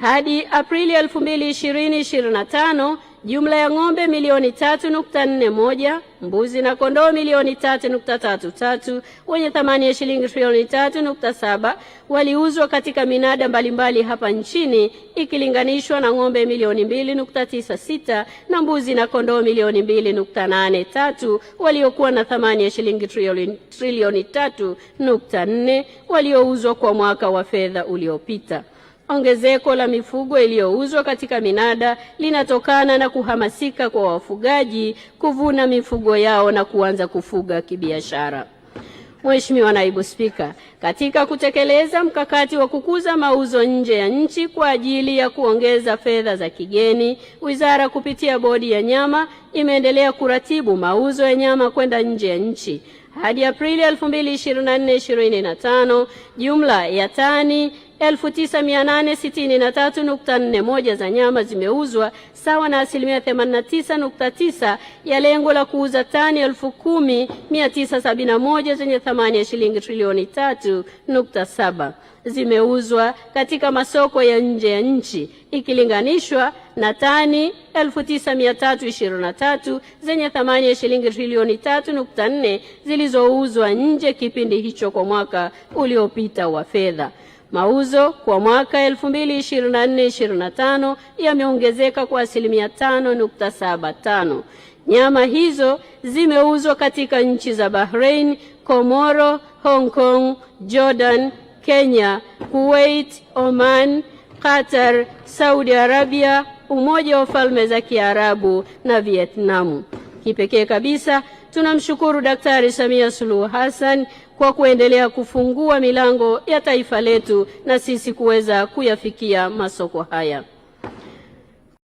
Hadi Aprili 2025 jumla ya ng'ombe milioni 3.41, mbuzi na kondoo milioni 3.33 wenye thamani ya shilingi trilioni 3.7 waliuzwa katika minada mbalimbali hapa nchini ikilinganishwa na ng'ombe milioni 2.96 na mbuzi na kondoo milioni 2.83 waliokuwa na thamani ya shilingi trilioni 3.4 waliouzwa kwa mwaka wa fedha uliopita. Ongezeko la mifugo iliyouzwa katika minada linatokana na kuhamasika kwa wafugaji kuvuna mifugo yao na kuanza kufuga kibiashara. Mheshimiwa Naibu Spika, katika kutekeleza mkakati wa kukuza mauzo nje ya nchi kwa ajili ya kuongeza fedha za kigeni, Wizara kupitia Bodi ya Nyama imeendelea kuratibu mauzo ya nyama kwenda nje ya nchi. Hadi Aprili 2024-2025, jumla ya tani 9,863.41 za nyama zimeuzwa sawa na asilimia 89.9 ya lengo la kuuza tani 10,971 zenye thamani ya shilingi trilioni 3.7 zimeuzwa katika masoko ya nje ya nchi ikilinganishwa na tani 9323 zenye thamani ya shilingi trilioni 3.4 zilizouzwa nje kipindi hicho kwa mwaka uliopita wa fedha. Mauzo kwa mwaka 2024 2025 yameongezeka kwa asilimia 5.75. Nyama hizo zimeuzwa katika nchi za Bahrain, Komoro, Hong Kong, Jordan, Kenya, Kuwait, Oman, Qatar, Saudi Arabia, Umoja wa Falme za Kiarabu na Vietnamu. Kipekee kabisa tunamshukuru Daktari Samia Suluhu Hassan kwa kuendelea kufungua milango ya taifa letu na sisi kuweza kuyafikia masoko haya.